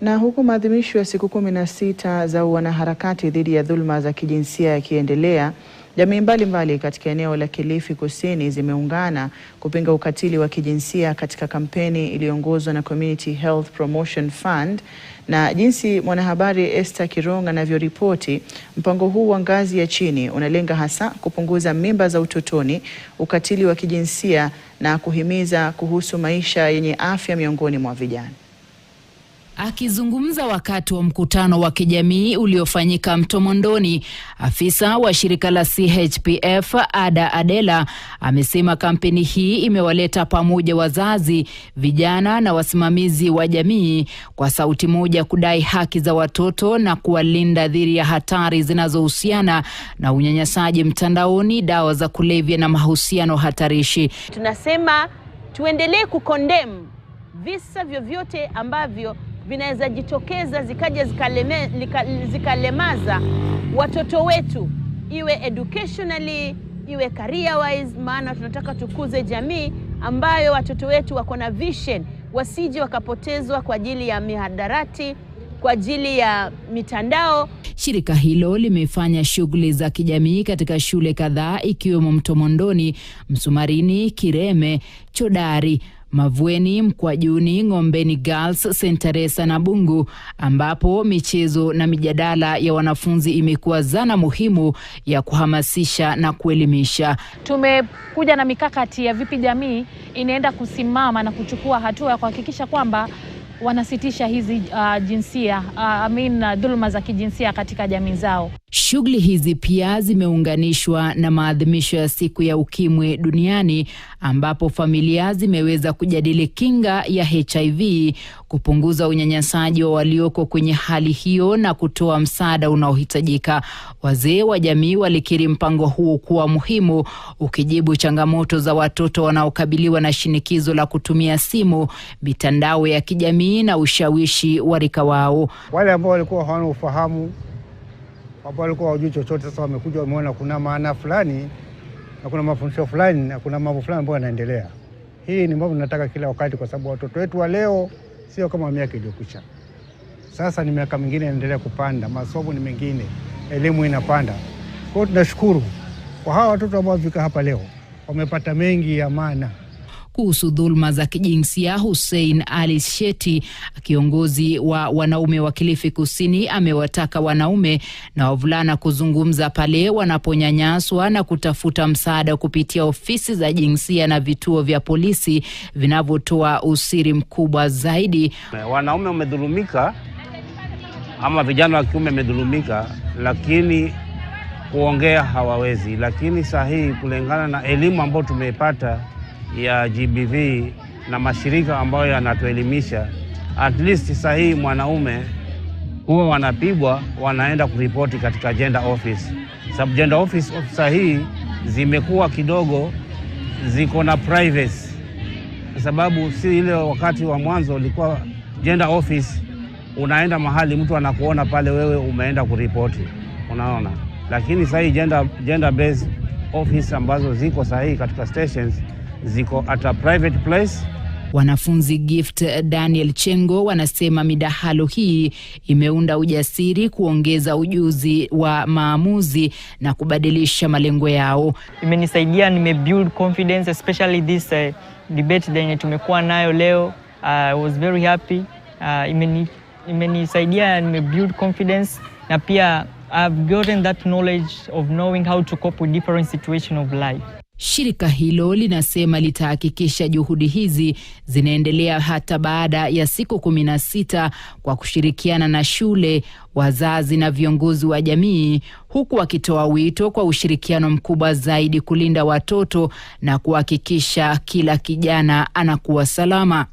Na huku maadhimisho ya siku kumi na sita za wanaharakati dhidi ya dhuluma za kijinsia yakiendelea, jamii mbalimbali katika eneo la Kilifi Kusini zimeungana kupinga ukatili wa kijinsia katika kampeni iliyoongozwa na Community Health Promotion Fund. Na jinsi mwanahabari Esther Kirong anavyoripoti, mpango huu wa ngazi ya chini unalenga hasa kupunguza mimba za utotoni, ukatili wa kijinsia na kuhimiza kuhusu maisha yenye afya miongoni mwa vijana. Akizungumza wakati wa mkutano wa kijamii uliofanyika Mtomondoni, afisa wa shirika la CHPF Ada Adela amesema kampeni hii imewaleta pamoja wazazi, vijana na wasimamizi wa jamii kwa sauti moja kudai haki za watoto na kuwalinda dhidi ya hatari zinazohusiana na unyanyasaji mtandaoni, dawa za kulevya na mahusiano hatarishi. Tunasema tuendelee kukondem visa vyovyote ambavyo vinaweza jitokeza zikaja zikalemaza watoto wetu, iwe educationally, iwe career wise, maana tunataka tukuze jamii ambayo watoto wetu wako na vision, wasije wakapotezwa kwa ajili ya mihadarati kwa ajili ya mitandao. Shirika hilo limefanya shughuli za kijamii katika shule kadhaa ikiwemo Mtomondoni, Msumarini, Kireme, Chodari, Mavweni, Mkwajuni, Ng'ombeni Girls, St Teresa na Bungu, ambapo michezo na mijadala ya wanafunzi imekuwa zana muhimu ya kuhamasisha na kuelimisha. Tumekuja na mikakati ya vipi jamii inaenda kusimama na kuchukua hatua ya kuhakikisha kwamba wanasitisha hizi uh, jinsia uh, I mean, uh, dhuluma za kijinsia katika jamii zao. Shughuli hizi pia zimeunganishwa na maadhimisho ya siku ya ukimwi duniani ambapo familia zimeweza kujadili kinga ya HIV, kupunguza unyanyasaji wa walioko kwenye hali hiyo na kutoa msaada unaohitajika. Wazee wa jamii walikiri mpango huu kuwa muhimu, ukijibu changamoto za watoto wanaokabiliwa na shinikizo la kutumia simu, mitandao ya kijamii na ushawishi wa rika wao. Wale ambao walikuwa hawana ufahamu ambao walikuwa hawajui chochote. Sasa wamekuja wameona kuna maana fulani na kuna mafundisho fulani na kuna mambo fulani ambayo yanaendelea. Hii ni mambo tunataka kila wakati, kwa sababu watoto wetu wa leo sio kama miaka iliyokwisha. Sasa ni miaka mingine inaendelea kupanda, masomo ni mengine, elimu inapanda. Kwa hiyo tunashukuru kwa hawa watoto ambao wamefika hapa leo, wamepata mengi ya maana kuhusu dhuluma za kijinsia. Hussein Ali Sheti, kiongozi wa wanaume wa Kilifi Kusini, amewataka wanaume na wavulana kuzungumza pale wanaponyanyaswa na kutafuta msaada kupitia ofisi za jinsia na vituo vya polisi vinavyotoa usiri mkubwa zaidi. Wanaume wamedhulumika ama vijana wa kiume wamedhulumika, lakini kuongea hawawezi. Lakini sahihi kulingana na elimu ambayo tumeipata ya GBV na mashirika ambayo yanatuelimisha at least sahihi mwanaume huwa wanapigwa, wanaenda kuripoti katika gender office. sababu gender office sahihi zimekuwa kidogo ziko na privacy, kwa sababu si ile wakati wa mwanzo ulikuwa gender office unaenda mahali mtu anakuona pale wewe umeenda kuripoti, unaona. Lakini sahihi gender, gender based office ambazo ziko sahihi katika stations ziko at a private place. Wanafunzi Gift Daniel Chengo wanasema midahalo hii imeunda ujasiri, kuongeza ujuzi wa maamuzi na kubadilisha malengo yao. Imenisaidia, nimebuild confidence especially this uh, debate yenye tumekuwa nayo leo. Uh, I was very happy uh, imeni, imenisaidia nimebuild confidence na pia I've gotten that knowledge of knowing how to cope with different situation of life. Shirika hilo linasema litahakikisha juhudi hizi zinaendelea hata baada ya siku kumi na sita kwa kushirikiana na shule, wazazi na viongozi wa jamii, huku wakitoa wito kwa ushirikiano mkubwa zaidi kulinda watoto na kuhakikisha kila kijana anakuwa salama.